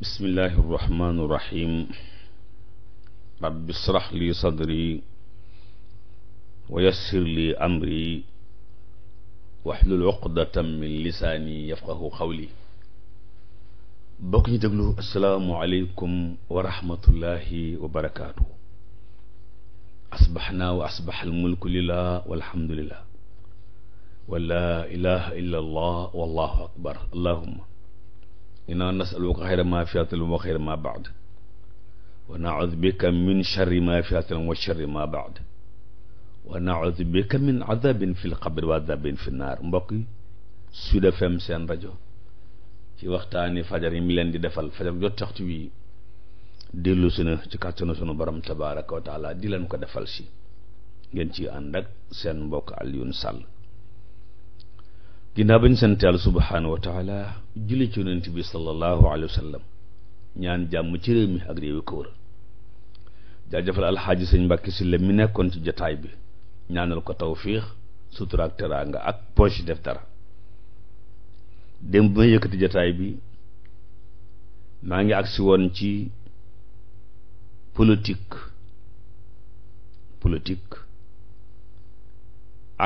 bismillahi irrahmani irrahim rabbi israh li sadri wa yassir li amri waxlul uqdatan min lisaani yafqahu qawli bokk ñu déglu asalaamualeykum wa rahmatullahi wa barakaatu asbaxnaa wa asbax almulku lillah walhamdulillah wa laa ilaha illa allah wallahu akbar allahuma inna nasaluka xayra ma fi atalum wa xayra ma baad wa naud bika min charri ma fi atalum wa charri ma baad wa naud bika min adabin fi lqabri wa adabin fi naar mbokk yi Sud seen rajo ci waxtaani fajar yi mi leen di defal fajar jot waxtu wi dellu si na ci kàttanu sunu borom tabaraka wa taala di leen ko defal si ngeen ci ànd seen mbokk Alioune Sall ginnaaw bañ sant yàlla subhaanahu wa taala julli ci yonent bi sallallahu alayhi wa sallam ñaan jàmm ci réew mi ak réew yi ko wër jaajëfal alxaaji sëñ Mbàkke si la mi nekkoon ci jataay bi ñaanal ko tawfiix sutura ak teraanga ak poche def dara démb bi may yëkkati jotaay bi maa ngi agsi woon ci politique politique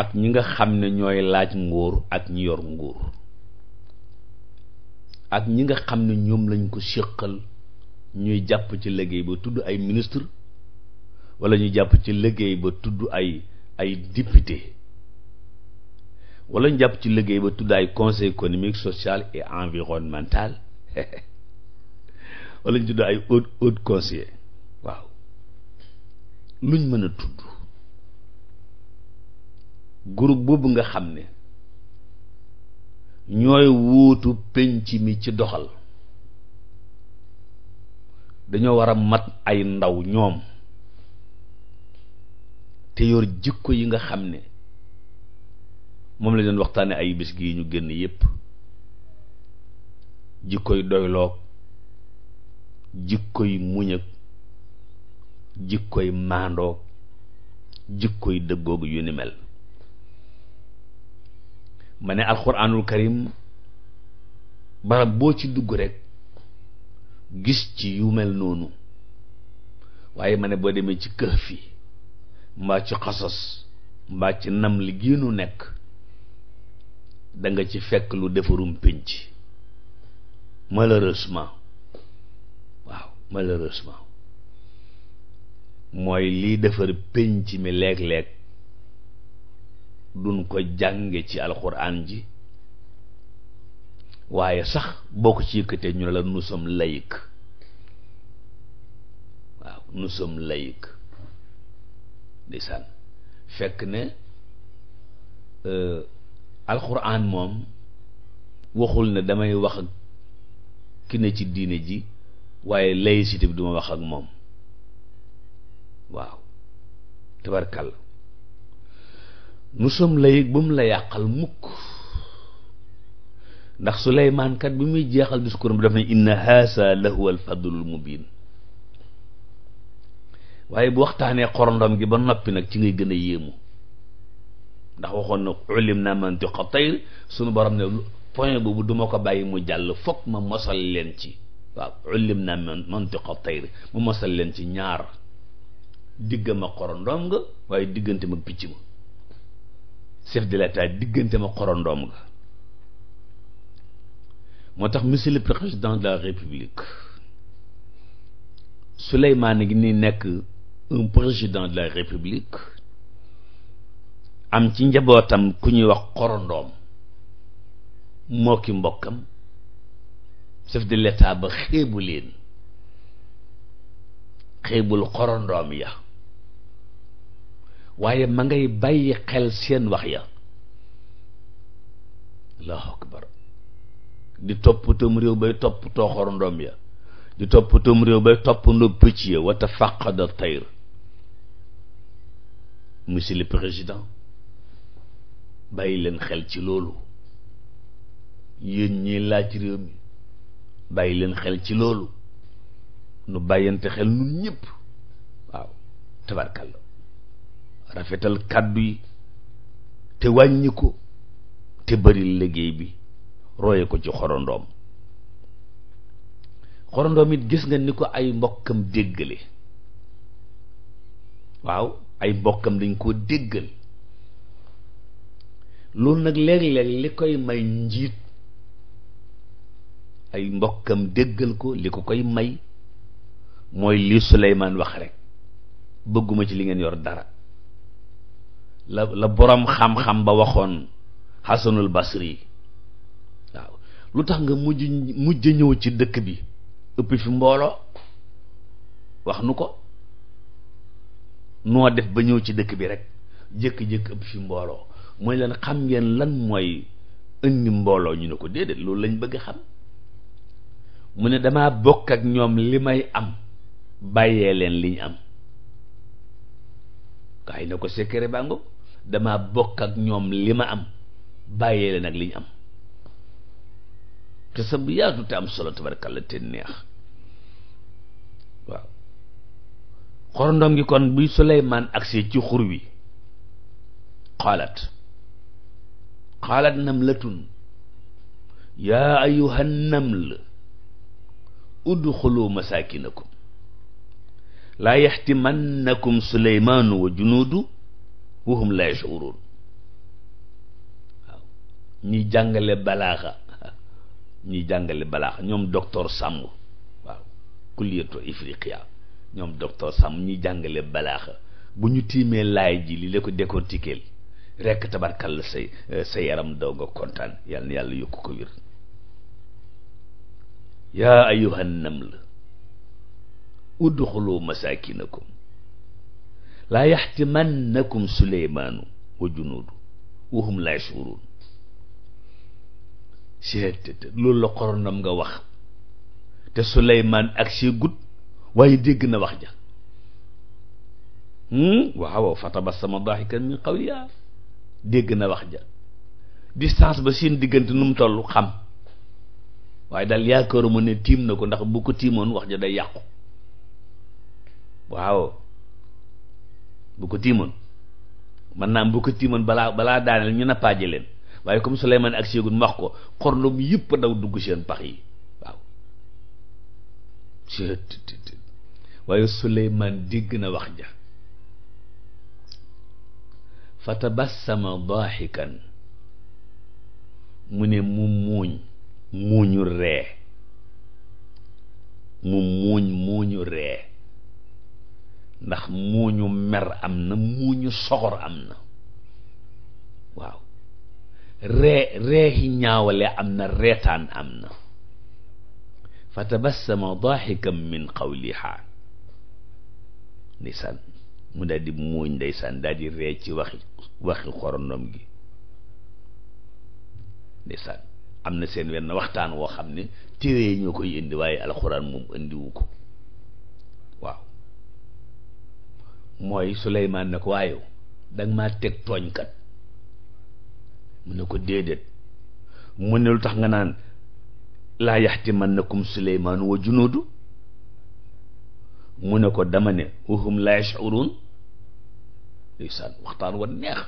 ak ñi nga xam ne ñooy laaj nguur ak ñi yor nguur ak ñi nga xam ne ñoom lañ ko séqal ñuy jàpp ci liggéey ba tudd ay ministre walla ñu jàpp ci liggéey ba tudd ay ay député wala ñu jàpp ci liggéey ba tudd ay conseil économique social et environnemental wala ñu tudd ay haut haut conseiller waaw luñ mën a tudd groupe boobu nga xam ne ñooy wuutu penc mi ci doxal dañoo war a mat ay ndaw ñoom te yor jikko yi nga xam ne moom la doon waxtaane ay bis gi ñu génn yépp jikkoy doyloog jikkoy muñëg jikkoy maandoog jikkoy dëggoog yu ni mel ma ne alxuraanul karim barab boo ci dugg rek gis ci yu mel noonu waaye ma ne boo demee ci Kahfi mbaa ci xasas mbaa ci nam li giinu nekk da nga ci fekk lu defarum pénc malheureusement waaw malheureusement mooy lii defar pénc mi léeg-léeg duñ ko jànge ci alxuraan ji waaye sax boo ko ci yëkkatee ñu ne la nous sommes laïques waaw nous sommes laïques ndeysaan fekk ne euh, alxuraan moom waxul ne damay wax ak ki ne ci diine ji waaye laïcité bi duma wax ak moom waaw tabarkàlla musam la yëg ba mu la yàqal mukk ndax suleymaan kat bi muy jeexal discours bi daf ne inna haasa lahuwa alfadlul mubin waaye bu waxtaanee xorondom gi ba noppi nag ci ngay gën a yéemu ndax waxoon na ulim naa mantiqa tayr sunu borom ne point boobu duma ko bàyyi mu jàll foog ma mosal leen ci waaw ulim naa mantiqa tayr mu mosal leen ci ñaar diggam ak xorondom waaye diggante mag picc ma chef de l'état diggante ma xorondoom nga moo tax misile le président de la république Souleymane ngi ni nekk un président de la république am ci njabootam ku ñuy wax xorondoom moo ki mbokkam sef de l'état ba xeebu leen xeebul xorondoom ya waaye ma ngay bàyyi xel seen wax ya allahu akbar di réew bay topp tooxor ndoom ya di toppatam réew bay topp ndoom pëcc ya wata faqada tayr monsieur le président bàyyi leen xel ci loolu yéen ñiy laaj réew mi bàyyi leen xel ci loolu nu bàyyante xel nun ñëpp waaw tabarkalla rafetal kàddu yi te wàññi te bari liggéey bi roye ko ci xorondoom xorondoom gis nga ni ko ay mbokkam déggale waaw ay mbokkam dañ koo déggal loolu nag léeg-léeg li koy may njiit ay mbokkam déggal ko li ko koy may mooy li Suleymaan wax rek bëgguma ci li ngeen yor dara la la borom xam-xam ba waxoon xasanul basri waaw lu tax nga mujj mujj ñëw ci dëkk bi ëpp fi mbooloo wax nu ko noo def ba ñëw ci dëkk bi rek jékki-jékki ëpp fi mbooloo mooy leen xam ngeen lan mooy indi mbooloo ñu ne ko déedéet loolu lañ bëgg xam mu ne damaa bokk ak ñoom li may am bàyyee leen liñ am kaay na ko secret baa dama bokk ak ñoom li ma am bàyyee leen ak li am xisa bu yaatu te am solo tabarakalla te neex waaw xorondom gi kon bi Suleymaan agsi ci xur wi qaalat qaalat namlatun yaa ayyuhan naml udxulu masaakinakum laa yaxtimannakum Suleymaanu wa junuudu wahum waaw ñiy jàngale balaaxa ñiy jàngale balaaxa ñoom docteur Sàmm waaw kulliyatu ifriqiya ñoom docteur Sàmm ñiy jàngale balaaxa bu ñu tiimee laay ji li la ko décortiquer rekk tabarkal say sa yaram daw kontaan yàlla na yàlla yokk ko wér yaa ayyuhan naml udxulu masakinakum laa yaxtimannakum suleymaanu wa junuudu wa hum laa yash'uruun loolu la xorondam nga wax te suleymaan ak si gut waaye dégg na wax ja waaw fa tabassama daahikan min qawlihaa dégg na wax ja distance ba seen diggante nu mu toll xam waaye daal yaakaaruma ne tiim na ko ndax bu ko tiimoon wax ja day yàqu waaw bu ko tiimoon man naam bu ko tiimoon balaa balaa daaneel ñu nappaaje leen waaye comme Souleymane ak Ségoune wax ko xorlum yëpp daw dugg seen pax yi waaw waaye di gën a wax ja fa tabassama daaxikan mu ne mu muuñ muuñu ree mu muuñ muuñu ree ndax moo ñu mer am na moo ñu soxor am na waaw ree reexi ñaawale am na reetaan am na fa tabassama daaxikan min qawlihaa ndeysaan mu daal di muuñ ndeysaan daal di ree ci waxi xorondom gi ndeysaan am na seen wenn waxtaan woo xam ne téere yi ñoo koy indi waaye alxuraan moom indiwu ko mooy Suleymaan ne ko waaye danga ma teg tooñkat mu ne ko déedéet mu ne lu tax nga naan laa yaxtimannakum Suleymaan wa junuudu mu ne ko dama ne wa hum laa yash'uruun ndeysaan waxtaan wa neex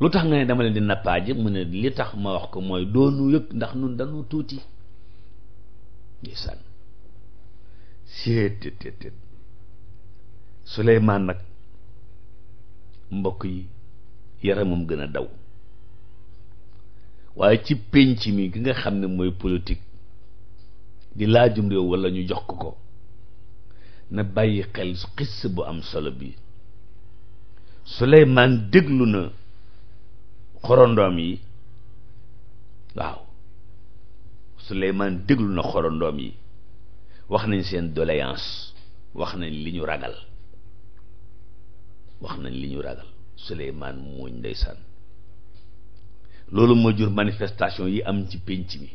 lu tax nga ne dama leen di nappaaje mu ne li tax ma wax ko mooy doonu yëg ndax nun dañu tuuti ndeysaan séet Suleymaan nag mbokk yi yaramum gën a daw waaye ci pénc mi ki nga xam ne mooy politique di laajum réew walla ñu jox ko ko na bàyyi xel xis bu am solo bi Suleymaan déglu na xorondoom yi waaw Suleymaan déglu na xorondoom yi wax nañ seen doléance wax nañ li ñu ragal wax nañ li ñu ragal Souleymane mooñ ndeysaan loolu moo jur manifestation yi am ci pénc mi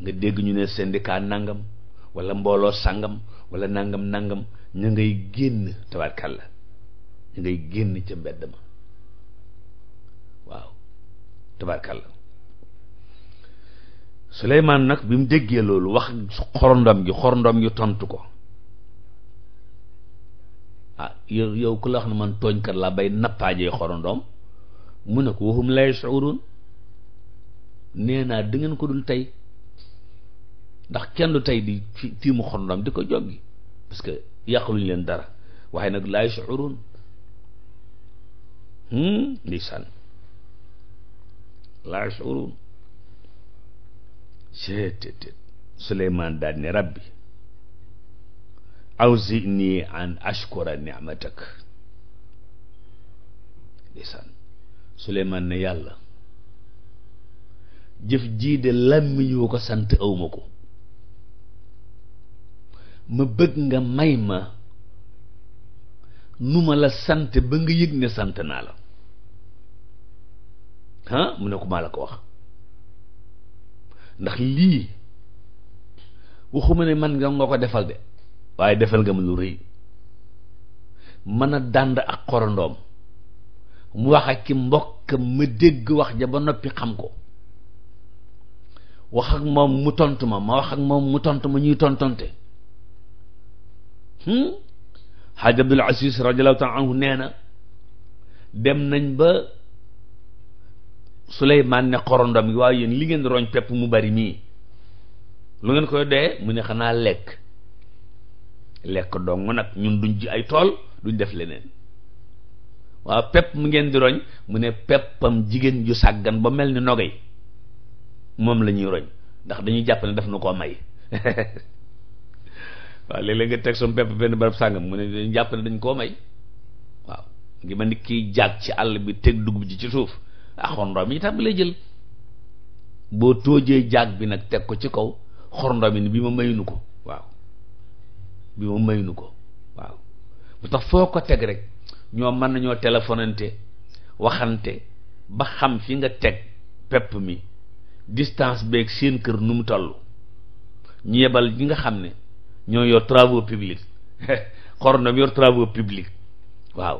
nga dégg ñu ne syndicat nangam wala mbooloo sangam wala nangam nangam ñu ngay génn tabarkàlla ñu ngay génn ca mbedd ma waaw tabarkàlla Souleymane nag bi mu déggee loolu wax xorondom gi xorondom gi tontu ko ah yow yow ku la wax ne man tooñkat laa bay nappaajee xorondoom mu ne ko waxum lay suurun nee naa ko dul tey ndax kenn du tey di fi tiimu xorondoom di ko joggi parce que yàqulu leen dara waaye nag lay suurun hmm? ndeysaan laa yashurun seeteet Suleymaan daal ne rabbi awzini an ashkura ni'matak ndeysaan Suleymaan ne yàlla jëf jii de làmmiñ wu ko sant awma ko ma bëgg nga may ma nu ma la sante ba nga yëg ne sant naa la ah mu ne ko maa la ko wax ndax lii waxuma ne man nga nga ko defal de waaye defal nga ma lu rëy mën a dànd ak xorondoom mu wax ak ki mbokkam ma dégg wax ja ba noppi xam ko wax ak moom mu tontu ma ma wax ak moom mu tontu ma ñuy tontonte hmm? xaaj Abdul Aziz radiyallahu taala anhu nee na dem nañ ba Suleymaan ne xorondom yi waaye yéen li ngeen roñ pepp mu bari mii lu ngeen koy doyee mu ne xanaa lekk lekk dong nag ñun duñ ji ay tool duñ def leneen waaw pepp mu ngeen di roñ mu ne peppam jigéen ju sàggan ba mel ni nogay moom la ñuy roñ ndax dañuy jàpp ne daf na koo may waaw léeg-léeg nga teg benn barab sàngam mu ne jàpp ne dañ koo may waaw ngi ma ni kiy jaag ci àll bi teg dugub ji ci suuf ah xondoom yi tax bi lay jël boo toojee jaag bi nag teg ko ci kaw xorndom yi ni bi ma mayuñu ko bi moom mayuñu ko waaw bu tax foo ko teg rek ñoo mën nañoo téléphonante waxante ba xam fi nga teg pepp mi distance beeg seen kër nu mu toll ñu yebal ñi nga xam ne ñoo yor travaux publics xorondom yor travaux publics waaw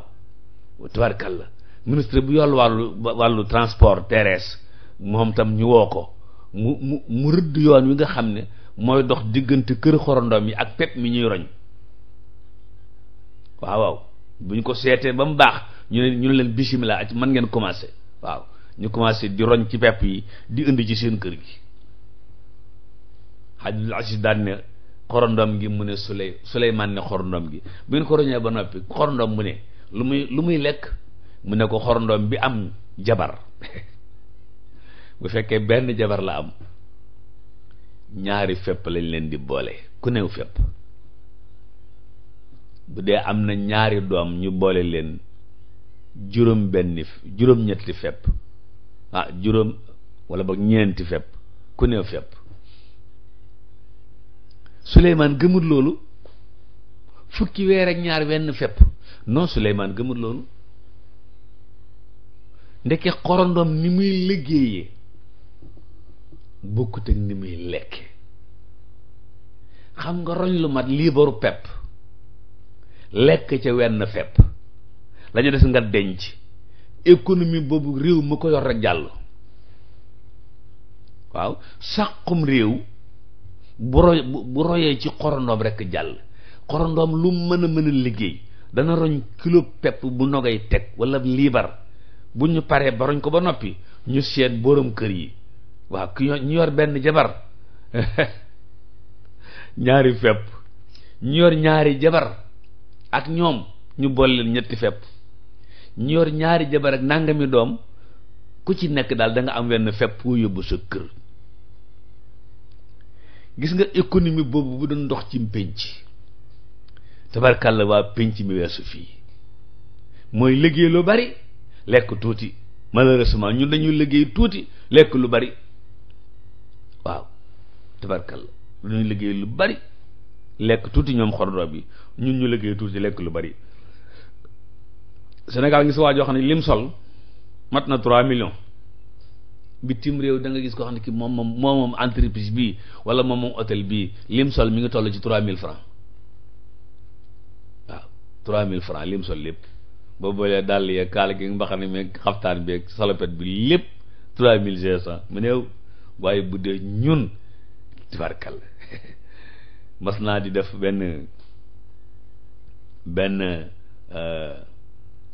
la ministre bu yor wàllu transport terrestre moom tam ñu woo ko mu mu mu rëdd yoon wi nga xam ne mooy dox diggante kër xorondom yi ak pepp mi ñuy roñ waaw waaw bu ñu ko seetee ba mu baax ñu ne ñu ne leen bisimilah at man ngeen commencé waaw ñu commencé di roñ ci pepp yi di indi ci seen kër gi Abdul Aziz daan ne xorondom gi mu ne Suley Suleymaan ne xorondom gi bu ngeen ko roñee ba noppi xorondom mu ne lu muy lu muy lekk mu ne ko xorondom bi am jabar bu fekkee benn jabar la am ñaari fepp lañ leen di boole ku new fepp bu dee am na ñaari doom ñu boole leen juróom benni juróom ñetti fepp ah juróom wala boog ñeenti fepp ku new fepp Suleymaan gëmul loolu fukki weer ak ñaar wenn fepp non Suleymaan gëmul loolu ndeke xorondoom ni muy liggéeyee bokkut ak ni muy lekke xam nga roñ lu mat liibaru pepp lekk ca wenn fepp lañu des nga denc économie boobu réew mu ko yor rek jàll waaw sàqum réew bu royee ci xorondoom rekk jàll xorondoom lu mën a mën liggéey dana roñ kilo pepp bu nogay teg walla liibar bu ñu paree ba roñ ko ba noppi ñu seet boroom kër yi waaw ki ñu yor benn jabar ñaari fepp ñu yor ñaari jabar ak ñoom ñu boole ñetti fepp ñu yor ñaari jabar ak nangami doom ku ci nekk daal da am wenn fepp woo yóbbu sa kër gis nga économie boobu bu doon ndox ci pénc tabarkàlla waa pénc mi weesu fii mooy liggéey lu bari lekk tuuti ma malheureusement ñun dañuy liggéey tuuti lekk lu bari waaw tubarkalla lu ñuy liggéey lu bari lekk tuuti ñoom xordoob bi ñun ñu liggéey tuuti lekk lu bari Sénégal ngi si waajoo xam ne lim sol mat na 3 millions bitim réew da nga gis koo xam ne ki moom moom moom moom entreprise bii wala moom moom hôtel bii lim sol mi ngi toll ci mille francs waaw mille francs lim sol lépp boo boolee dàll yeeg kaala gi mbaxane meeg xaftaan beeg salopette bi lépp 3500 mu néew. waaye bu dee ñun tubarkal mas naa di def benn benn euh,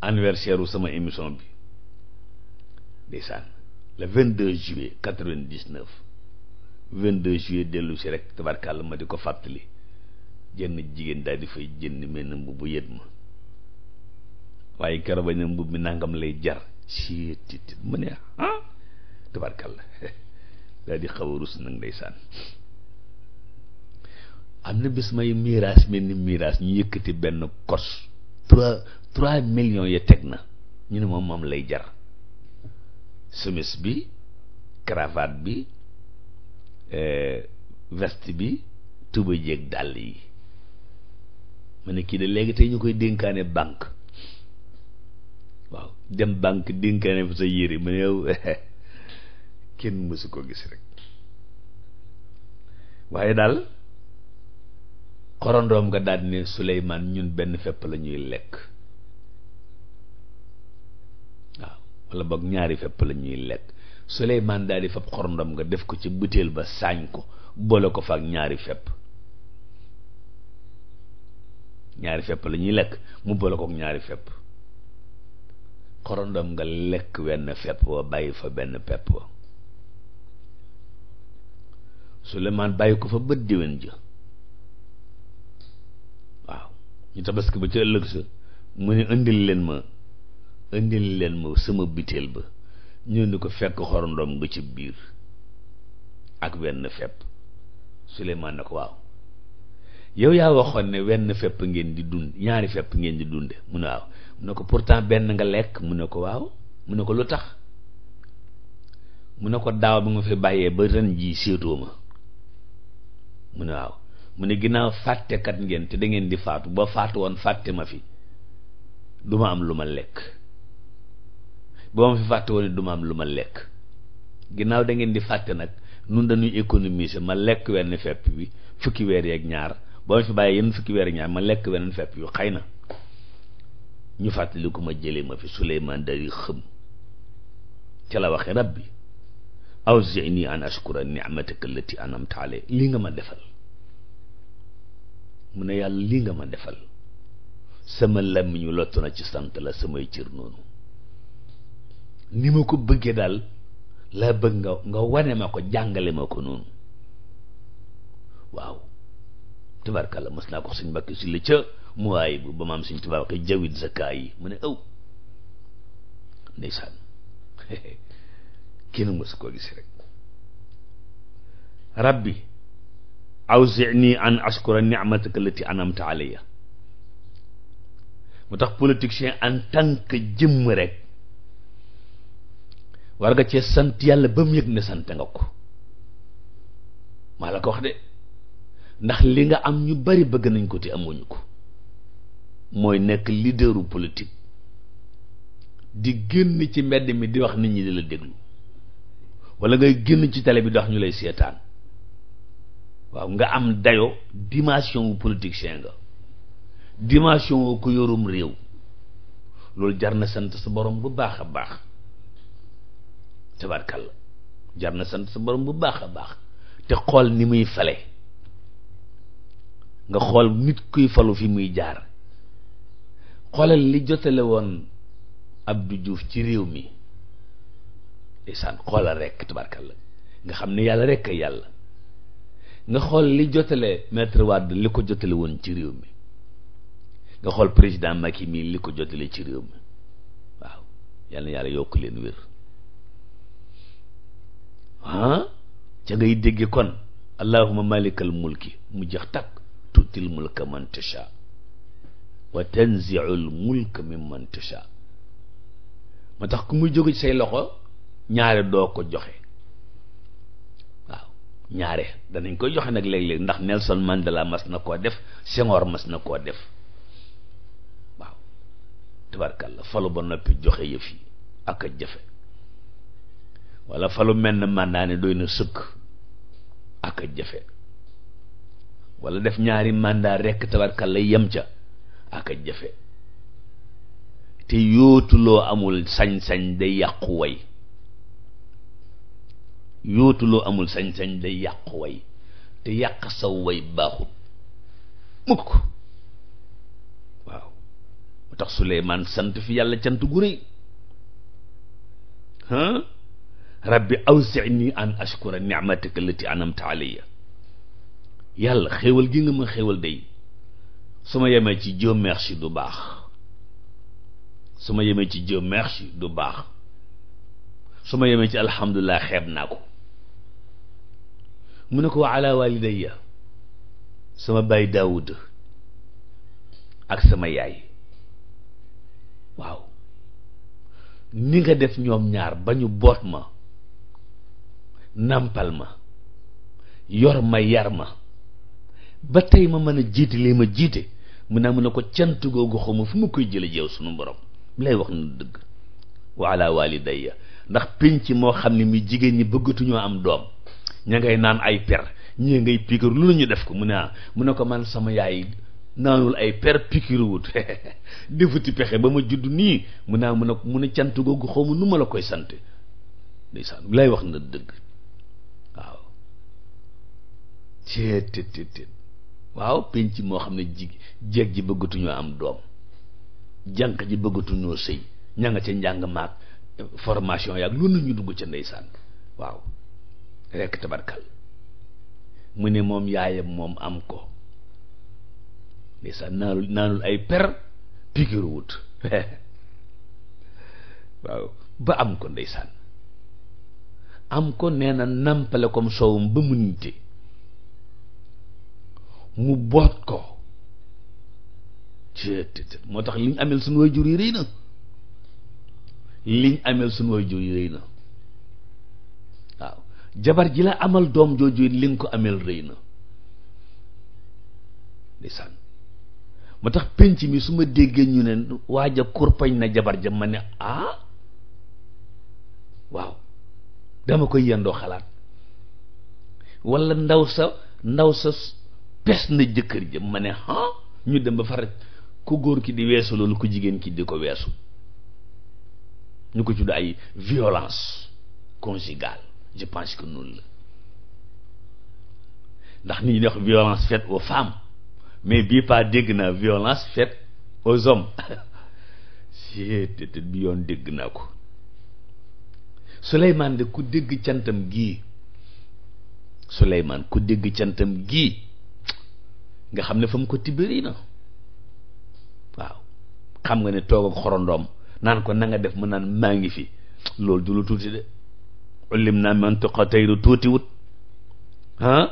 anniversaire sama émission bi ndeysaan le 22 juillet 99 22 juillet dellu rek tabarkàlla ma di ko fàttali jenn jigéen daal di fay jënd mel na mbubb yët ma waaye keroog ba ne mbubb mi nangam lay jar ci tit ma ne ah tabarkàlla laa di xaw a rus nag ndeysaan am na bis may miraas mel ni miraas ñu yëkkati benn kos trois trois millions ya teg na ñu ne moom moom lay jar chemise bi cravate bi euh, veste bi tuba jeeg dàll yi ma ne kii de léegi tey ñu koy dénkaane banque waaw dem bank dénkaane fa sa yére ma ne kenn mësu ko gis rek waaye daal xorondoom nga daal ne Suleymaan ñun benn fepp lañuy lekk waaw wala boog ñaari fepp la ñuy lekk Suleymaan daal di fab xorondoom nga def ko ci butéel ba saañ ko boole ko faak ñaari fepp ñaari fepp lañuy lekk mu boole kook ñaari fepp xorondom nga lekk wenn fepp ba bàyyi fa benn pepp wa Suleymaan bàyyi ko fa bët déwén ja waaw ñu tabaski ba ci ëllëg sa mu ne indil leen ma indil leen ma sama biteel ba ñu ni ko fekk xorondoom nga ci biir ak wenn fepp Suleymaan na ko waaw yow yaa waxoon ne wenn fepp ngeen di dund ñaari fepp ngeen di dunde mu ne waaw mu ne ko pourtant benn nga lekk mu ne ko waaw mu ne ko lu tax mu ne ko daaw bi nga fi bàyyee ba ren jii séetoo ma mu ne waaw mu ne ginnaaw fàttekat ngeen te da ngeen di faatu ba faatu woon fàtte ma fi du am lu ma lekk ba ma fi fàtte woon du ma am lu ma lekk ginnaaw da ngeen di fàtte nag nun dañuy économiser ma lekk wenn fepp bi fukki weer yeeg ñaar boo ma fi bàyyi yenn fukki weer ak ñaar ma lekk weneen fepp yu xay na ñu fàttaliku ma jëlee ma fi Suleymaan dari xëm ca la waxe bi awzi'ni an ashkura ni'mataka allati an'amta alayya lii nga ma defal mu ne yàlla lii nga ma defal sama làmmiñu lottu na ci sant la samay cër noonu ni ma ko bëggee daal laa bëgg nga nga wane ma ko jàngale ma ko noonu waaw tabarkalla mas na ko suñ mbàkki si la ca mu waaye bu ba maam suñ tubaab waxee jawit zakaa yi mu ne aw ndeysaan kenn mësu koo gis rek rabbi awzi'ni an ashkura ni'mataka allati an'amta mu tax politicien en tant que jëmm rek war nga cee sant yàlla ba mu yëg ne sant nga ko maa la ko wax de ndax li nga am ñu bari bëgg nañ ko te amuñu ko mooy nekk leaderu politique di génn ci mbedd mi di wax nit ñi la déglu wala ngay génn ci tale bi ndax ñu lay seetaan waaw nga am dayo dimension wu politicien nga dimension wu ko yorum réew loolu jar na sant sa borom bu baax a baax tabarkalla jar na sant sa borom bu baax a baax te xool ni muy fale nga xool nit kuy falu fi muy jaar xoolal li jotale woon Abdou juuf ci réew mi ndeysaan xoolal rek tubaarkalla nga xam ne yàlla rekk yàlla nga xool li jotale maître Wade li ko jotale woon ci réew mi nga xool président Macky mii li ko jotale ci réew mi waaw yal na yàlla yokk leen wér ah ca ngay dégge kon allahuma malikal mulki mu jeex takk tutil mulka man tasha wa tanziul mulka mimman tasha ma tax ku muy jóge ci say loxo ñaare doo ko joxe waaw ñaare danañ koy joxe nag léeg-léeg ndax Nelson Mandela mas na koo def Senghor mas na koo def waaw tabarkalla falu ba noppi joxe yëf yi ak a jafe wala falu mel ne mandat ne ak jafe wala def ñaari màndaa rekk tabarkalla yem ca ak a jafe te yootuloo amul sañ-sañ day yàqu way yootu loo amul sañsañ day yàq way te yàq saw way baaxut mukk waaw mu tax suleymaan sant fi yàlla cant gu rëy rabbi awzi'ni an ashkura ni'mataka allati an'amta alayya yàlla xéewal gi nga ma xéewal day su ma yemee ci jëw merci du baax su ma yemee ci jëw merci du baax su ma yemee ci alhamdulilah xeeb naa ko mu ne ko wa ala ya sama baay Daawud ak sama yaay waaw ni nga def ñoom ñaar ba ñu boot ma nàmpal ma yor ma yar ma ba tey ma mën a jiite lii ma jiite mu naa mu ne ko cant googu xaw ma ma koy jële jeew sunu borom mi lay wax nu dëgg wa ala walidayya ndax pénc moo xam ne mi jigéen ñi bëggatuñoo am doom ña ngay naan ay per ñii ngay piqûre lu ñu def ko mu ne ah mu ne ko man sama yaay naanul ay per piqûre wut defuti pexe ba ma judd nii mu naa ah, mun a mun a cant googu xaw ma nu ma la koy sant ndeysaan lay wax na dëgg waaw teet teet teet waaw penc moo xam ne ji jeeg ji bëggatuñoo am doom janq ji bëggatuñoo sëy ña nga ca njàng maag formation yaag loolu ñu dugg ca ndeysaan waaw rekk tabarkal mu ne moom yaayam moom am ko ndeysaan naanul naanul ay per pikiru wut waaw ba am ko ndeysaan am ko nee na nàmpale comme soowum ba mu nite mu boot ko moo tax liñ amel suñu way jur yi rëy na liñ amel suñu way jur yi rëy na jabar ji la amal doom jooju li nga ko amel rëy na ndeysaan ma tax penc mi su ma déggee ñu ne waaj a kurpañ na jabar ja ma ne ah waaw dama koy yendoo xalaat walla ndaw sa ndaw sa pes na jëkkër ja ma ne ah ñu dem ba far ku góor ki di weesu loolu ku jigéen ki di ko weesu ñu ko tudd ay violence conjugale je pense que noonu la ndax nit ñi di wax violence faite aux femmes mais bii pas dégg naa violence faite aux some si te bi yoon dégg naa ko Souleymane de ku dégg cantam gii Souleymane ku dégg cantam gii nga xam ne fa mu ko tibbari waaw xam nga ne toog ak xorondoom naan ko na nga def mu naan maa ngi fi loolu du lu tuuti de ullim naa mantuqa tayru tuutiwut ah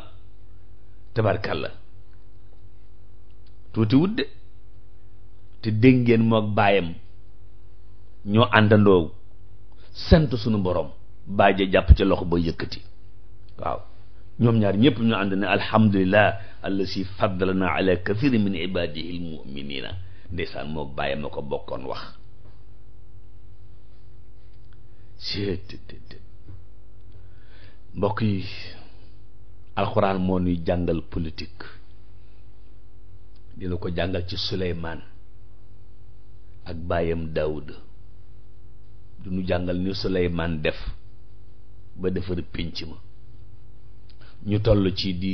tabarkalla tuutiwut de te dégg ngeen moog baayam ñoo àndandoo sant sunu boroom bàyyi jàpp ci loxo ba yëkkati waaw ñoom ñaar ñëpp ñu ànd ne alhamdulilah allasi faddalana ala kathiri min ibadihi almuminina ndeysaan moog bàyyi ma ko bokkoon wax. mbokk yi alxuraan moo nuy jàngal politik dina ko jàngal ci Suleymaan ak baayam Daawud du jàngal ni Suleymaan def ba defar pénc ma ñu toll ci di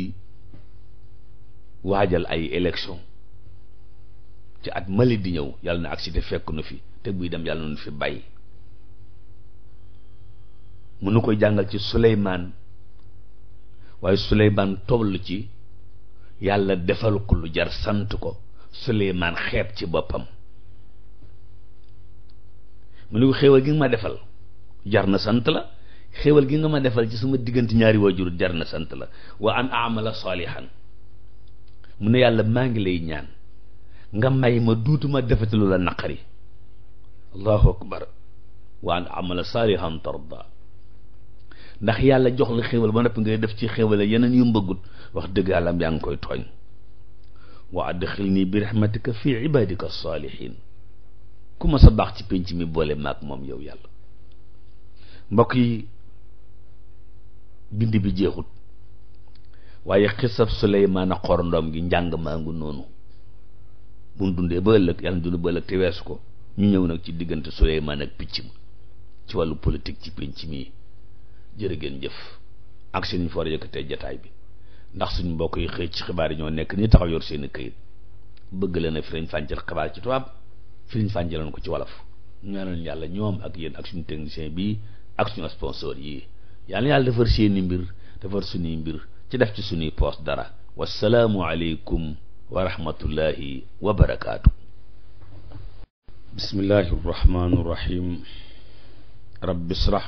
waajal ay élection ci at mali di ñëw yàlla na ak agsi te fekk nu fi te buy dem yàlla na nu fi bàyyi mu nu ko jàngal ci suleymaan waaye suleymaan toll ci yàlla defal ko lu jar sant ko suleymaan xeeb ci boppam mu ne ko xéewal gi nga ma defal jar na sant la xéewal gi nga ma defal ci suma diggante ñaari waajur jar na sant la wa an amala salihan mu ne yàlla maa ngi lay ñaan nga may ma duutuma defati lu la naqari allahu akbar wa an amala salihan tarda ndax yàlla jox la xéwal ba noppi ngay def ci xéwal yeneen yu mbëggul wax dëgg yàlla yaa ngi koy tooñ wa adxilni bi rahmatika fi ibadika salihin ku ma sa baax ci pénc mi boole maag moom yow yàlla mbokk yi bind bi jeexut waaye xisab suleymaan a xorondoom gi njàng maa ngu noonu bu dundee ba ëllëg yàlla dund ba ëllëg te weesu ko ñu ñëw nag ci diggante suleymaan ak picc ma ci wàllu politique ci pénc mi jërë ngeen jëf ak seen for yëkkatee jataay bi ndax suñu mbokk yi xëy xibaar yi ñoo nekk ñu taxaw yor seen i këyit bëgg leen a firiñ fàncal xibaar ci tubaab firiñ fàncalan ko ci wolof ñaanal yàlla ñoom ak yéen ak suñu technicien bi ak suñu sponsor yii yàlla yàlla defar seen i mbir defar suñuy mbir ci def ci suñuy poos dara wasalaamu aleykum wa rahmatullahi wa barakaatu bismillahi arrahmani irrahim rabbi israh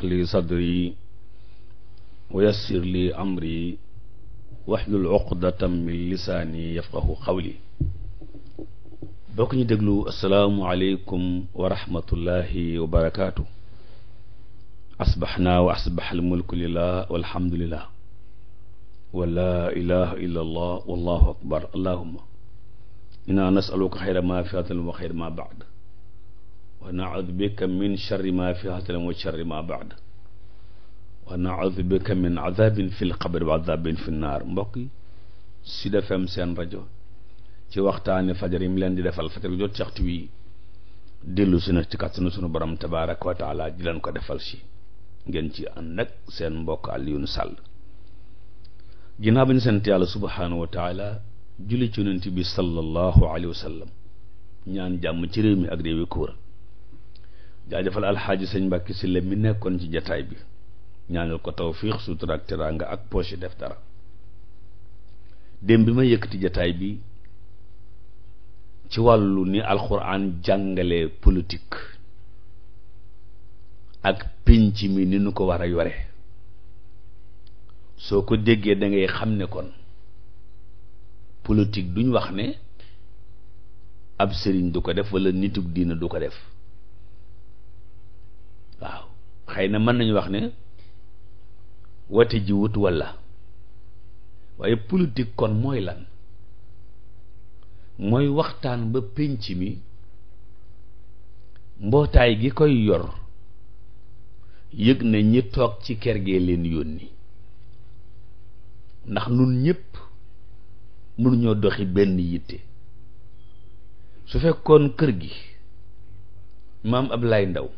wa yassir li amri waxlul uqdatam min lisaani yafqahu qawli bokk ñu déglu asalaamualeykum wa rahmatullahi wa barakaatu asbaxnaa wa asbax almulku lillah walhamdulillah wa laa ilaha illa allah wallahu akbar allahuma inna nasaluka xayra ma fi hatalam wa xayra ma baad wa naudu bika min charri ma fi hatalam wa charri ma baad wa naudu bika min azabin fil naar mbokk yi Sud seen rajo ci waxtaani fajar yi mu leen di defal fajar gu jot ci waxtu wi dellu si na ci kàttanu sunu borom tabaaraka wa di leen ko defal si ngeen ci ànd ak seen mbokk Alioune Sall ginnaaw bi ñu sant yàlla subhaanahu wa taala julli ci yonent bi sallallahu alayhi wa ñaan jàmm ci réew mi ak réew yi ko wër jaajëfal alxaaji sëñ Mbàkke si la mi nekkoon ci jataay bi ñaanal ko tawfiix sutura ak teraanga ak poche def dara dem bi ma yëkkati jataay bi ci wàllu ni alxuraan jàngale politique ak pinc mi ni nu ko war a yore soo ko déggee dangay xam ne kon politique duñ wax ne ab sëriñ du ko def wala nitug diina du ko def waaw xëy na mën nañu wax ne wate ji wut walla waaye politique kon mooy lan mooy waxtaan ba pénc mi mbootaay gi koy yor yëg na ñi toog ci kër gee leen yónni ndax nun ñëpp mënuñoo doxi benn yitte su fekkoon kër gi maam Ablaay Ndaw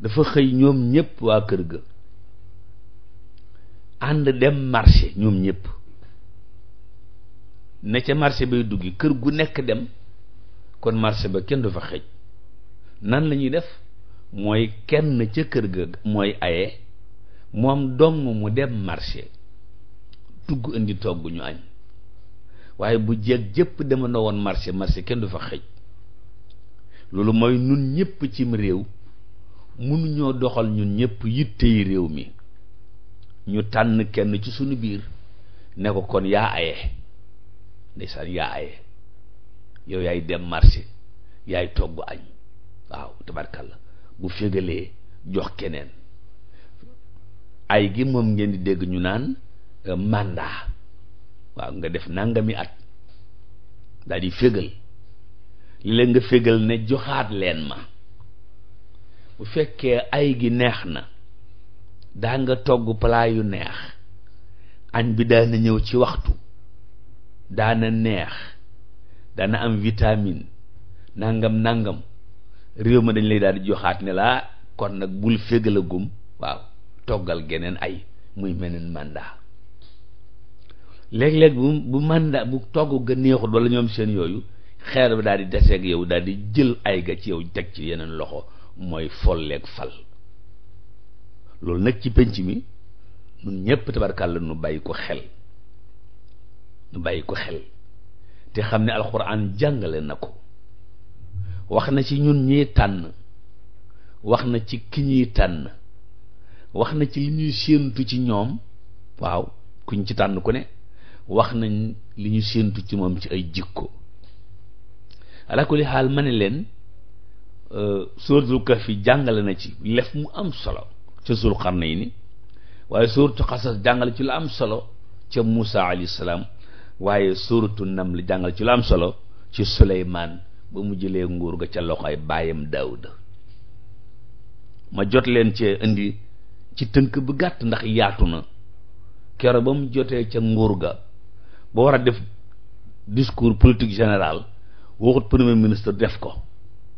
dafa xëy ñoom ñëpp waa kër ga ànd dem marché ñoom ñëpp ne ca marché bay duggi kër gu nekk dem kon marché ba kenn du fa xëj nan lañuy def mooy kenn ca kër ga mooy aye moom dong mu dem marché tugg indi togg ñu añ waaye bu jeeg jëpp demandoo woon marché marché kenn du fa xëj loolu mooy nun ñëpp cim réew mënuñoo doxal ñun ñëpp yittey réew mi ñu tànn kenn ci suñu biir ne ko kon yaa aye ndeysaan yaa aye yow yaay dem marché yaay togg añ waaw tabarkalla bu fégalee jox keneen ay gi moom ngeen di dégg ñu naan euh, mandat waaw nga def nangami at daal di fégal li la nga fégal ne joxaat leen ma bu fekkee ay gi neex na daa nga togg palaa yu neex añ bi daana ñëw ci waxtu daana neex daana am vitamine nangam nangam réew ma dañ lay daal di joxaat ne laa kon nag bul fégal waaw toggal geneen ay muy meneen mandat léeg-léeg bu bu bu togg ga neexut wala ñoom seen yooyu xeer bi daal di deseeg yow daal di jël ay ga ci yow teg ci yeneen loxo mooy folleeg fal loolu nag ci pénc mi ñun ñëpp tabarkàlla nu bàyyi ko xel nu bàyyi ko xel te xam ne alxuraan jàngale na ko wax na ci ñun ñiy tànn wax na ci ki ñuy tànn wax na ci li ñuy séentu ci ñoom waaw kuñ ci tànn ku ne wax nañ li ñu séentu ci moom ci ay jikko ala kulli xaal ma ne leen euh, suratul kahfi jàngale na ci lef mu am solo ca suur na yi ni waaye suuratu xasas jàngale ci lu am solo ca Muusa alayhi salaam waaye suuratu naml jàngale ci lu am solo ci Suleymaan ba mu jëlee nguur ga ca loxo ay baayam Daawuda ma jot leen cee indi ci tënk bu gàtt ndax yaatu na kero ba mu jotee ca nguur ga ba war a def discours politique général waxut premier ministre def ko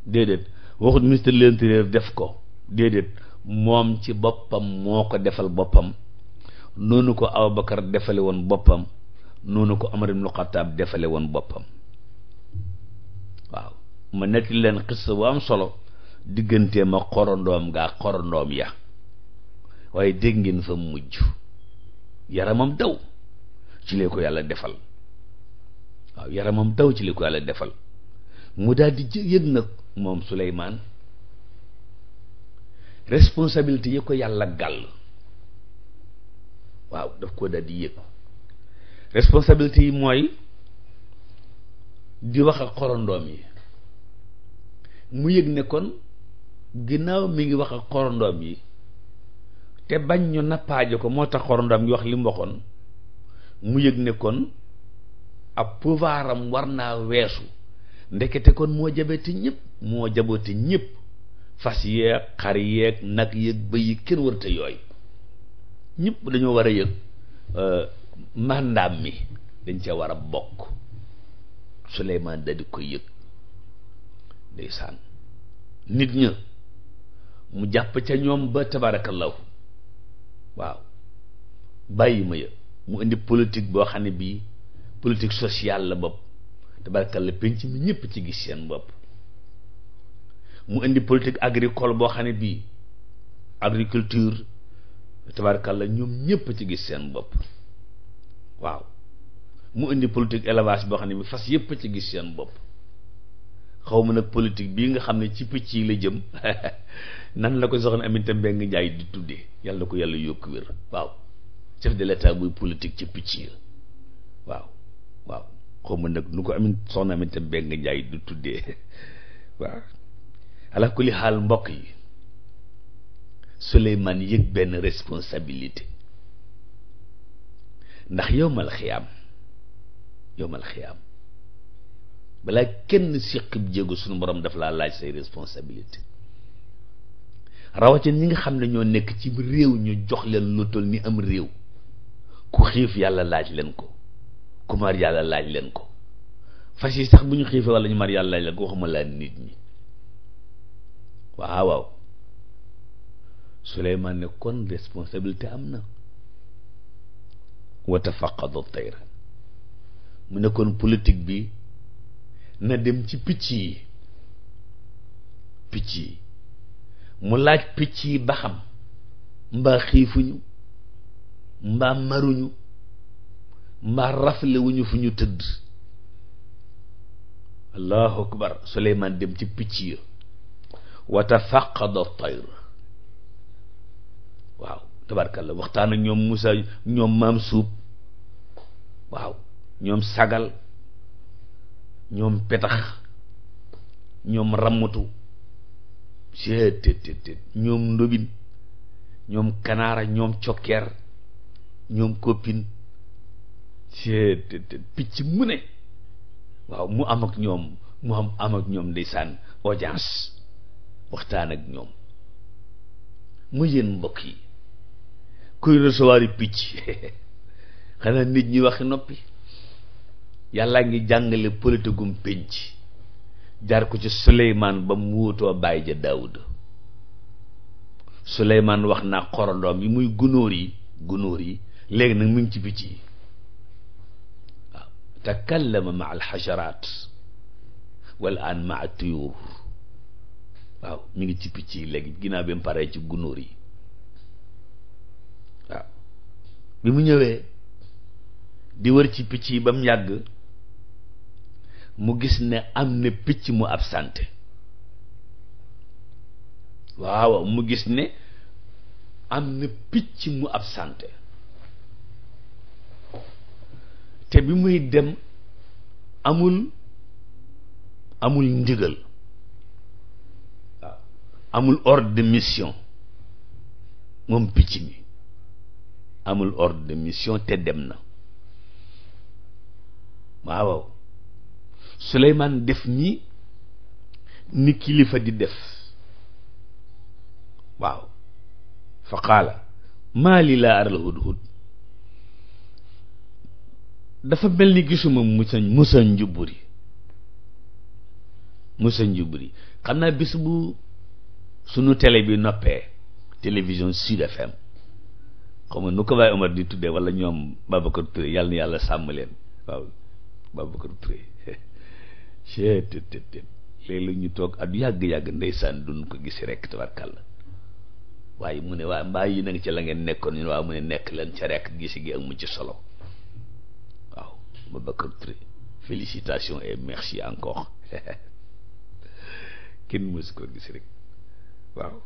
déedéet waxut ministre de def ko déedéet moom ci boppam moo ko defal boppam noonu ko Abubakar defale woon boppam noonu ko Umar ibnul Xattaab defale woon boppam waaw ma netti leen xista bu am solo diggantee ma xorondoom gaa xorondoom ya waaye dégg ngeen fa mujj yaramam daw ci lee ko yàlla defal waaw yaramam daw ci lee ko yàlla defal mu daal di yëg nag moom Suleymaan responsabilité yi ko yàlla gàll waaw daf koo daal di yëg responsabilité yi mooy di wax ak xorondoom yi mu yëg ne kon ginnaaw mi ngi wax ak xorondoom yi te bañ ñu nappaaje ko moo tax xorondoom yi wax li mu mu yëg ne kon ab pouvoiram war naa weesu ndekete kon moo jabooti ñëpp moo jabooti ñëpp fas yeeg xar yeeg nag yeeg bëy yi kenn warta yooy ñëpp dañoo war a yëg euh, mandaam mi dañ ca war a bokk Suleymaan da di ko yëg nit ña mu jàpp ca ñoom ba tabarakallahu waaw bàyyi ma ya mu indi politique boo xam ne bii politique sociale la bopp tabarakallahu penc mi ñëpp ci gis seen bopp mu indi politique agricole boo xam ne bii agriculture la ñoom ñëpp ci gis seen bopp waaw mu indi politique élevage boo xam ne bi fas yëpp ci gis seen bopp xaw ma nag politique bii nga xam ne ci picc yi la jëm nan la ko soxna Aminata Mbengue Ndiaye di tuddee yàlla ko yàlla yokk wér waaw chef de l'état buy politique ci picc yi waaw waaw xaw ma nag nu ko amin soxna Aminata Mbengue Ndiaye di tuddee waaw ala kulli xaal mbokk yi Suleymaan yëg benn responsabilité ndax yowmal xiyaam yowmal xiyaam balaa kenn siqib jéego suñu borom daf laa laaj say responsabilité rawatin ñi nga xam ne ñoo nekk ci réew ñu jox leen lu toll ni am réew ku xiif yàlla laaj leen ko ku mar yàlla laaj leen ko fas yi sax bu ñu xiifee wala ñu mar yàlla laaj leen ko waxuma laa nit ñi waaw waaw Suleymaan ne kon responsabilité am na wa tafaqada tayra mu ne kon politique bi na dem ci picc yi picc yi mu laaj picc yi ba xam mbaa xiifuñu mbaa maruñu mbaa rafle fu ñu tëdd allahu akbar Suleymaan dem ci picc yi wa tafaqada tayr waaw tabarkalla waxtaan ak ñoom musa ñoom maam suub waaw ñoom sagal ñoom petax ñoom rammatu seet tét tét ñoom ndobin ñoom kanaara ñoom cokkeer ñoom koppin seet tét picc mu ne waaw mu am ak ñoom mu am am ak ñoom ndeysaan audience waxtaan ak ñoom mu yéen mbokk yi kuy recevoir yi picc xanaa nit ñi waxi noppi yàlla ngi jàngale politigum pénc jaar ko ci suleymaan ba mu wóotoo bàyyi ja daawuda suleymaan wax naa xorondoom yi muy gunóor yi gunóor yi léegi nag mu ngi ci picc yi waaw takallama ma alxajaraat wal an ma tuyuur waaw mi ngi ci picc yi léegi ginnaaw bi mu paree ci gunóor yi waaw bi mu ñëwee di wër ci picc yi ba mu yàgg mu gis ne am na picc mu absenté waaw mu gis ne am na picc te bi muy dem amul amul ndigal amul ordre de mission moom picc mi amul ordre de mission te dem na waaw Suleymaan def nii ni kilifa di def waaw fa qaala maa li laa aral hudhud dafa mel ni gisuma musa musa njuburi musa njuburi xam naa bis bu sunu tele bi noppee télévision Sud FM xam nga nu ko Baye Omar di tuddee wala ñoom Babacar Touré yàlla na yàlla sàmm leen waaw Babacar Touré chet tet tet ñu toog at yàgg-yàgg ndeysaan duñ ko gis rekk rek tabarkàlla waaye mu ne waa mbaa yi na nga ci la ngeen nekkoon ñu ne waa mu ne nekk leen ci rekk gisi gi ak mu ci solo waaw Babacar Touré félicitations et merci encore kenn mësu ko gis rek waaw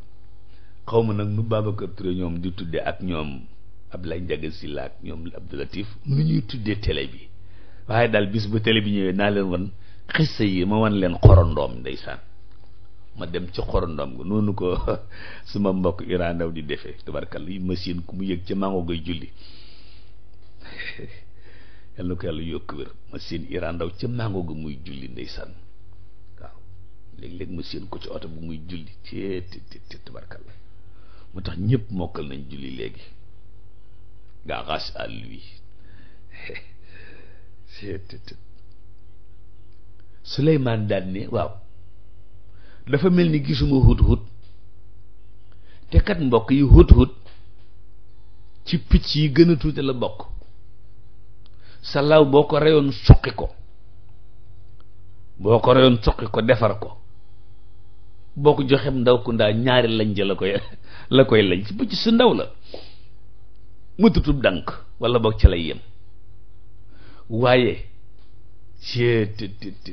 xaw ma nag nu Babacar Touré ñoom di tuddee ak ñoom Abdoulaye Ndiaga Sylla ak ñoom Abdoulatif nu ñuy tuddee télé bi waaye daal bis bu télé bi ñëwee naa leen wan xissa yi ma wan leen xorondoom ndeysaan ma dem ci xorondoom ga noonu ko suma mbokk Iran Ndaw di defee tabarkalla yi machine ku mu yëg ca mango ngay julli yal na ko yàlla yokk wér machine Iran Ndaw ca mango muy julli ndeysaan léegi léeg mu séen ko ci oto bu muy julli te te te tabarkalla moo tax ñëpp mokkal nañ julli léegi grâce à lui Souleymane daan ne waaw dafa mel ni gisuma hut-hut te kat mbokk yi hut-hut ci picc yi gën a la bokk salaaw boo ko reyoon suqi ko boo ko reyoon suqi ko defar ko boo ko joxee ndaw kundaa ñaari lañ ja la koy la koy lañ bu ci su ndaw la mu tutub dànk wala boog ci lay yem waaye ctt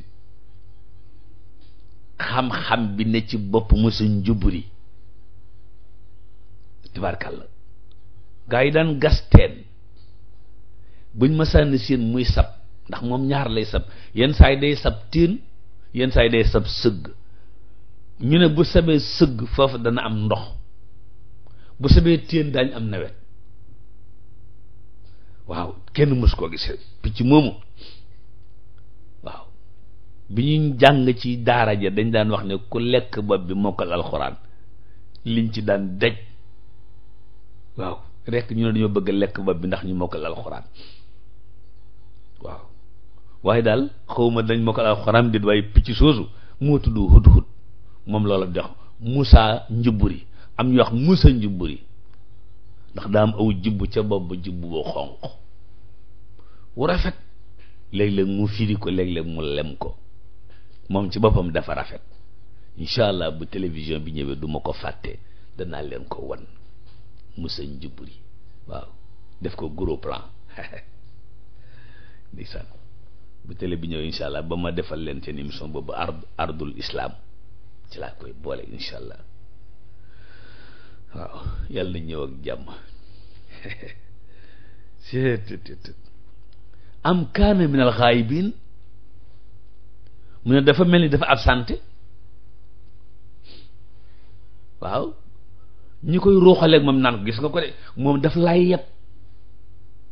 xam-xam bi ne ci bopp musu njuburi tabarkàlla gaa yi daan gas teen buñ ma sànni seen muy sab ndax moom ñaar lay sab yenn saay day sab teen yenn saay day sab sëgg ñu ne bu sabee sëgg foofu dana am ndox bu sabee téen daañ am nawet waaw kenn mës koo gis picc moomu waaw bi ñuy jàng ci daara ja dañ daan wax ne ku lekk bopp bi mokkal alxuraan liñ ci daan daj waaw rekk ñu ne dañoo bëgg lekk bopp bi ndax ñu mokkal alxuraan waaw waaye daal xawma dañ mokkal alxuraan dit waaye picc soosu moo tudd hud hud moom loola jox Moussa Njubburi am ñu wax Moussa Njubburi ndax daa am aw jubb ca bopp ba jubbu boo xonq wu rafet léeg-léeg mu firi ko léeg-léeg mu lem ko moom ci boppam dafa rafet incha allah bu télévision bi ñëwee duma ko fàtte danaa leen ko wan Moussa Njubburi waaw def ko gros plan ndeysaan bu télé bi ñëw incha ba ma defal leen seen émission boobu ard ardul islam ci laa koy boole incha allah waaw yàlla na ñëw ak jàmm am kaana min al xaayibin mu ne dafa mel ni dafa absenté waaw ñi koy ruuxaleeg moom naan ko gis nga ko de moom daf lay yeb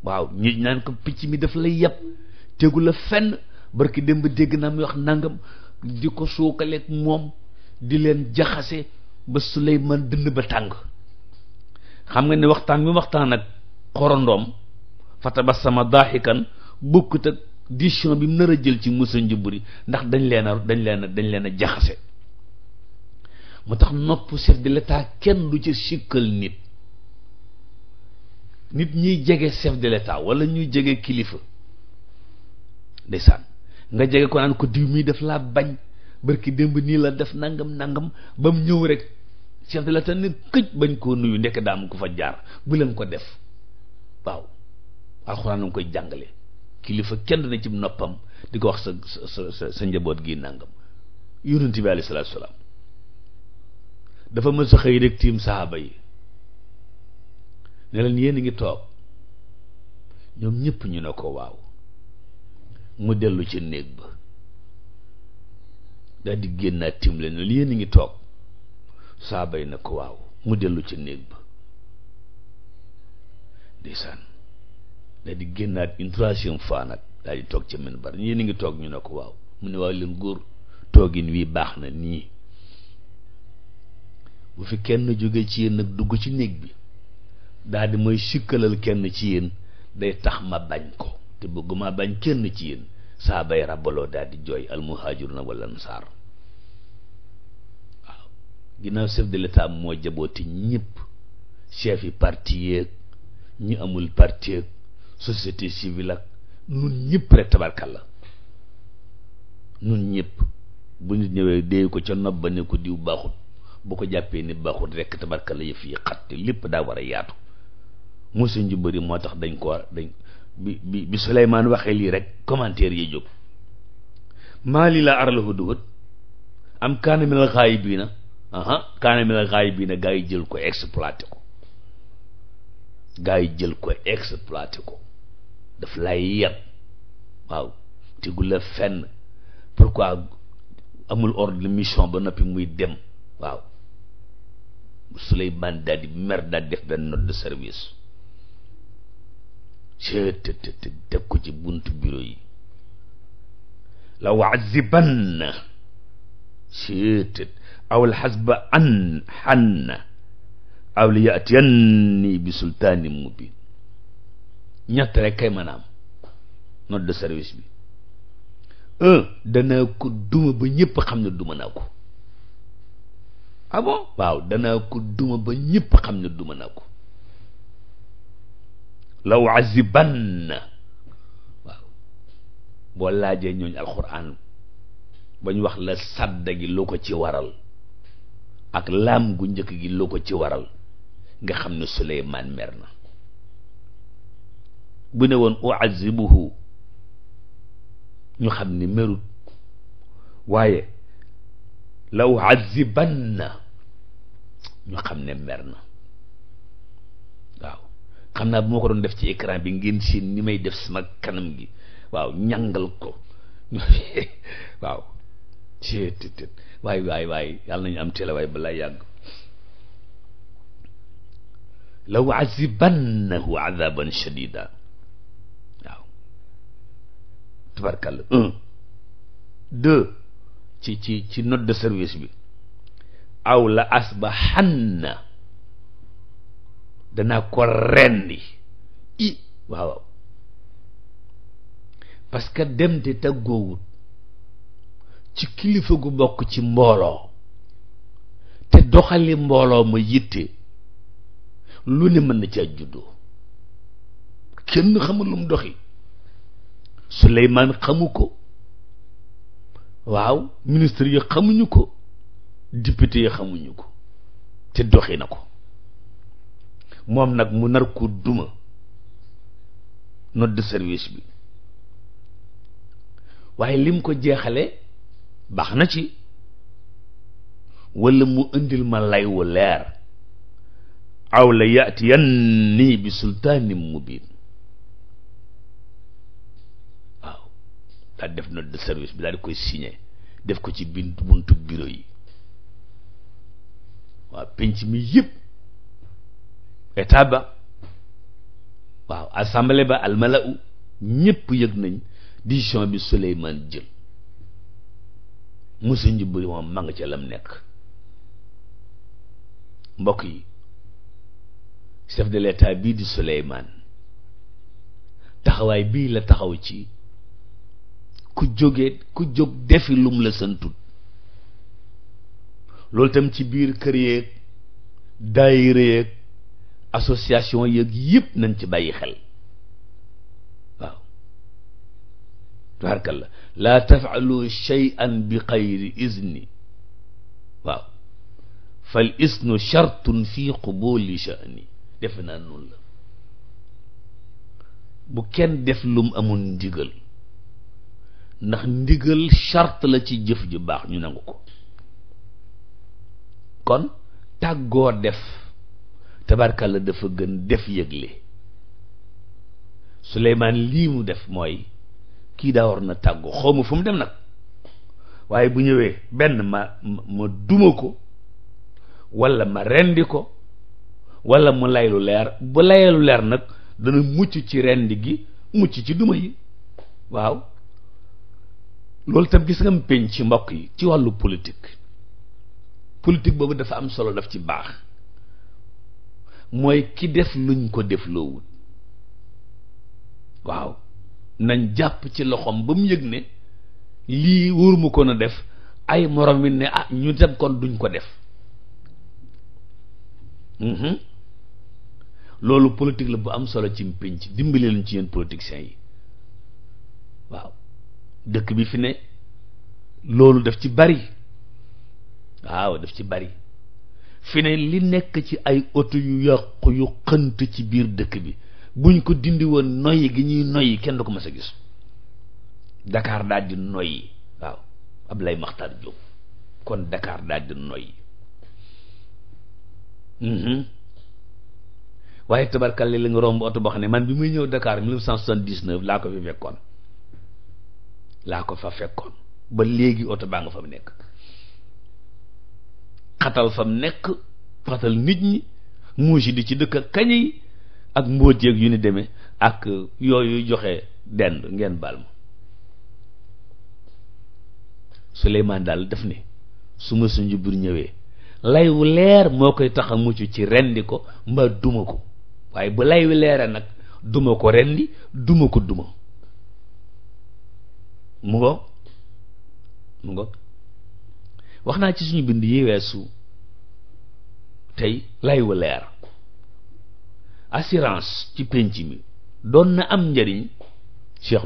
waaw ñi naan ko picc mi daf la yeb tegu la fenn barki démb dégg naa muy wax nangam di ko suukaleeg moom di leen jaxase ba Suleymaan dënn ba tàng xam nga ne waxtaan bi waxtaan ak xorondoom sama daaxikan bokkut ak décision bi mu nar a jël ci Muusaa Njuburi ndax dañ leen a dañ leen dañ leen a jaxase moo tax nopp chef de l'État kenn du ci sikkal nit nit ñuy jege chef de walla ñuy jege kilifa ndeysaan nga jege ko naan ko diw mii daf laa bañ bërki démb nii la def nangam nangam ba mu ñëw rek Cheikh la tan ne këj bañ koo nuyu ndekk daam ko fa jaar bu leen ko def waaw alxuraan nga koy jàngale kilifa kenn na ci noppam di ko wax sa sa sa njaboot gi nangam yonent bi alayhi salaatu salaam dafa mën sa xëy rek tiim saxaaba yi ne leen yéen ngi toog ñoom ñëpp ñu ne ko waaw mu dellu ci néeg ba daal di génnaat tim leen li yéen ngi toog saaba yi na ko waaw mu dellu ci néeg ba ndeysaan daal di génnaat une troisième fois nag daal di toog ca minbar yéen a ngi toog ñu ne ko waaw mu ne waaw leen góor toogin wi baax na nii bu fi kenn jóge ci yéen nag dugg ci néeg bi daal di mooy sikkalal kenn ci yéen day tax ma bañ ko te bëgguma bañ kenn ci yéen saa bay rabaloo daal di jooy na wal ansaar ginnaaw chef de l'état moo jabooti ñëpp chef yi parti yeeg ñu amul parti yeeg société civile ak nun ñëpp rek tabarkal la nun ñëpp bu nit ñëwee dee ko ca nopp ba ne ko diw baaxut bu ko jàppee ni baaxut rekk tabarkal la yëf yi xat lépp daa war a yaatu mosuñ ju bëri moo tax dañ ko war dañ bi bi bi Souleymane waxee lii rek commentaire yi jóg maa lii laa aral hudhud am kaana minal xaayibiina aha kaana bii na gaa yi jël ko exploité ko gaa yi jël ko exploité ko daf lay yeb waaw tigu la fenn pourquoi amul ordre mission ba noppi muy dem waaw Souleymane daal di mer daal def benn note service cëtë të teg ko ci buntu bureau yi la waziban cëtë aw alxasba an xann aw li yatiyanni bi sultaanin mubin ñett rek kay mën a am note de service bi un danaa ko duma ba ñëpp xam ne duma naa ko ah bon waaw danaa ko duma ba ñëpp xam ne duma naa ko law aziban waaw boo laajee ñooñ alquran ba ñu wax la sadda gi lu ko ci waral ak laam gu njëkk gi loo ko ci waral nga xam ne suleymaan mer na bu ne woon uazibuhu ñu xam ni merut waaye la na ñu xam ne mer na waaw xam naa bu ma ko doon def ci écran bi ngeen seen ni may def sama kanam gi waaw ñàngal ko waaw waay waay waay yàlla nañu am teelawaay balaa yàgg law azibannahu azaban shadida waaw tubarkàlla un deux ci ci ci note de service bi aw la asbahanna danaa ko rendi i waaw parce que dem te taggoowut ci kilifa gu bokk ci mbooloo te doxali mbooloo ma yitte lu ne mën na ci juddoo kenn xamul lu mu doxi Souleymane xamu ko waaw ministre yi xamuñu ko député yi xamuñu ko te doxi na ko moom nag mu nar ko duma note de service bi waaye lim ko jeexale baax na ci wala mu indil ma lay wu leer aw la yatiyan nii bi sultaanin mubin waaw daal def na de service bi daal di koy signé def ko ci bint buntu bureau yi waaw penc mi yëpp état ba waaw assemblée ba almala u ñëpp yëg nañ di décision bi Souleymane jël musa njubbuli moom ma nga ca lam nekk mbokk yi chef de l'état bii di Souleymane taxawaay bii la taxaw ci ku jógee ku jóg defi lum la santut loolu tam ci biir kër yeeg daayira yeeg association yeeg yëpp nañ ci bàyyi xel tubaarkalla laa tafaalu shay'an bi xayri izni waaw fal isnu shartun fi qubuli sha'ni defe naa noonu la bu kenn def lum amul ndigal ndax ndigal charte la ci jëf ju baax ñu nangu ko kon tàggoo def tabarkalla dafa gën def yëgle Suleymaan lii mu def mooy kii daa war na tàggu xaw ma fu mu dem nag waaye bu ñëwee benn ma ma duma ko walla ma rendi ko walla mu lay leer bu layee lu leer nag dana mucc ci rendi gi mucc ci duma yi waaw loolu tam gis nga pénc ci mbokk yi ci wàllu politik politique boobu dafa am solo daf ci baax mooy ki def luñ ko def loowul waaw nañ jàpp ci loxoom ba mu yëg ne lii wóor mu ko def ay morom yi ne ah ñu tam kon duñ ko def mhm. loolu politique la bu am solo ci pénc dimbali leen ci yéen politiciens yi waaw dëkk bi fi ne loolu daf ci bari waaw daf ci bari fi ne li nekk ci ay oto yu yàqu yu xënt ci biir dëkk bi buñ ko dindi woon noyyi gi ñuy noyyi kenn du ko mës a gis Dakar daal di noyyi waaw Ablaye Makhtar Diop kon Dakar daal di noyyi mhm. waaye tabarkalle la nga romb oto boo xam ne man bi muy ñëw dakaar 1979 laa ko fi fekkoon laa ko fa fekkoon ba léegi oto baa nga fa mu nekk xatal fa mu nekk xatal nit ñi muusi di ci dëkk ak yi ak mbóoteeg yu ni demee ak yooyu joxe dend ngeen baal ma Souleymane daal def ne su ma suñu jubur ñëwee lay wu leer moo koy tax a mucc ci rendi ko mbaa duma ko waaye bu lay wi leeree nag duma ko rendi duma ko duma mu ngoog mu ngoog wax naa ci suñu bind yi weesu tey lay wu leer assurance ci penc mi doon na am njariñ Cheikh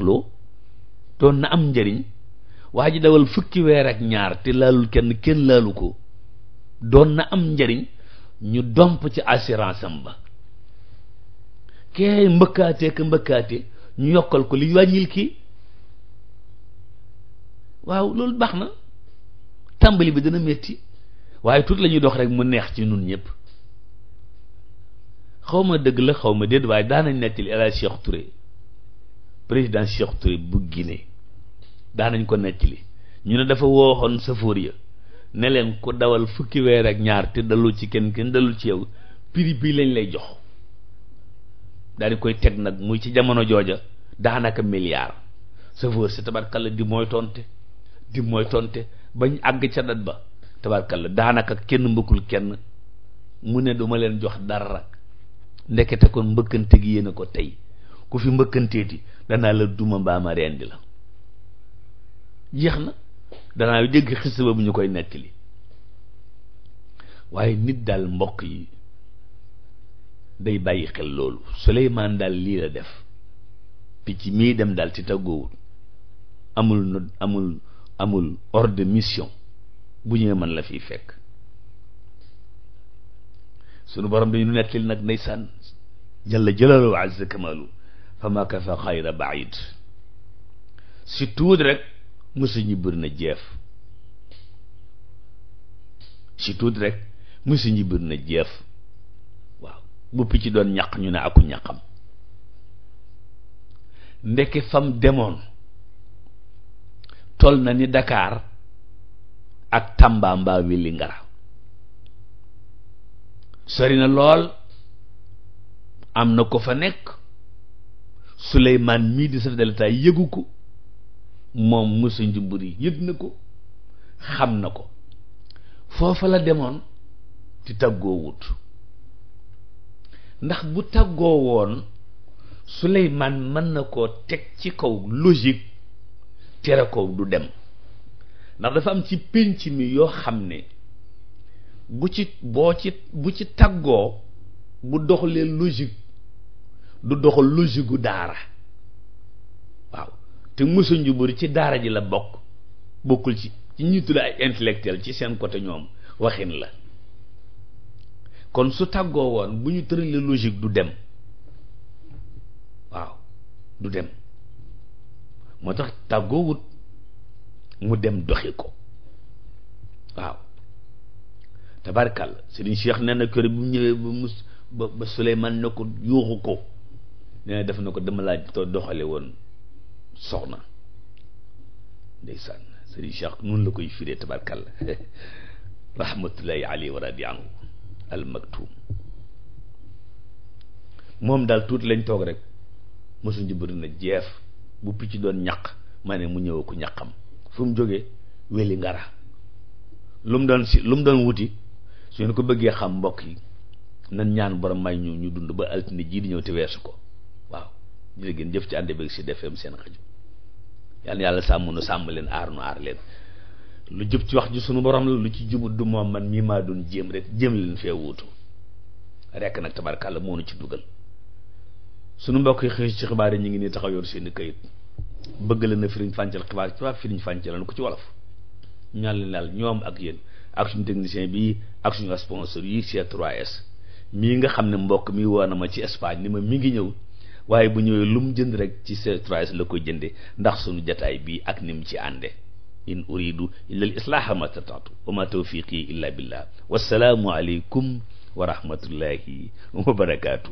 doon na am njariñ waa ji dawal fukki weer ak ñaar te laalul kenn kenn laalu ko doon na am njariñ ñu domp ci assurance am ba kee mbëkkaatee ka mbëkkaate ñu yokkal ko li wàññil ki waaw loolu baax na tàmbali bi dana metti waaye tuuti la ñuy dox rek mu neex ci nun ñëpp xaw ma dëgg la xaw ma déet waaye daan nañ nettali El Hadj Cheikh Touré président Cheikh Touré bu Guinée daanañ ko ko li ñu ne dafa wooxoon safoor ya ne leen ku dawal fukki weer ak ñaar te dalul ci kenn kenn dalul ci yow prix bii lañ lay jox daal koy teg nag muy ci jamono jooja daanaka milliard safoor si tabarkalla di mooy tonte di mooy tonte bañ àgg ca dat ba tabarkalla daanaka kenn mbëkkul kenn mu ne duma leen jox dara. ndekete kon mbëkkante gi ko tey ku fi mbëkkanteeti danaa la duma mbaa ma rendi la jeex na danaa dégg xis ba bu ñu koy nettali waaye nit daal mbokk yi day bàyyi xel loolu Suleymaan daal lii la def picc mii dem daal ci tàggoowul amul amul amul ordre mission bu ñëwee man la fi fekk sunu borom dañu nettali nag ndeysaan jalla jalaaluhu wa azza kamaalu fa ma kafa xayra si tuuti rek musi ñi bëri na jeef si tuuti rek musi ñi bëri na jeef waaw bu picc doon ñaq ñu ne aku ñaqam ndeke fam demoon tol na ni dakaar ak Tamba mbaa Vélingara sori na lool am na ko fa nekk Souleymane mii di chef de yëgu ko moom Moussa Ndioumboury yëg na ko xam na ko foofa la demoon ci tàggoo wut ndax bu tàggoo woon Souleymane mën na ko teg ci kaw logique tere ko du dem ndax dafa am ci pénc mi yoo xam ne bu ci boo ci bu ci tàggoo bu doxalee logique du doxal logique gu daara waaw te Moussa Ndioubér ci daara ji la bokk bokkul ci ci ñuy tudd ay intellectuel ci seen côté ñoom waxin la kon su tàggoo woon bu ñu tëralee logique du dem waaw du dem moo tax tàggoowut mu dem doxi ko waaw tabarkal Serigne sheikh nee na kër bi ñëwee ba mus ba ba Souleymane ne ko yuuxu ko nee def na ko dama laaj to doxale woon soxna ndeysaan Serigne Cheikh noonu la koy firee tabarkal rahmatullahi alayhi wa radi anhu al maktum moom daal tuuti lañ toog rek mosuñ ci bëri na jeef bu picc doon ñaq ma ne mu ñëw ko ñaqam fu mu jógee weli ngara lu mu doon si lu mu doon wuti su ngeen ko bëggee xam mbokk yi nan ñaan borom may ñu ñu dund ba altine jii di ñëw te weesu ko waaw jërë ngeen jëf ci ànd beeg si defeem seen xaju yàlla sàmm nu sàmm leen aar nu aar leen lu jub ci wax ji sunu borom la lu ci jubut du moom man mii maa doon jéem rek jéem leen fee wuutu rek nag moo nu ci dugal sunu mbokk yi xëy ci xibaar yi ñu ngi nii taxaw yoon seen i këyit bëgg leen na firiñ fàncal xibaar ci waa firiñ fàncal na ko ci wolof ñaan leen daal ñoom ak yéen ak suñu technicien bi ak suñu sponsor yi c 3 e nga xam ne mbokk mi woo na ma ci Espagne ni ma mi ngi ñëw waaye bu ñëwee lu mu jënd rek ci c e 3 la ko jënde ndax suñu jataay bii ak ni mu ci ànde in uridu illa al islaaha ma tataatu wa ma tawfiqi illa billah wassalaamu aleykum wa rahmatullahi wa barakaatu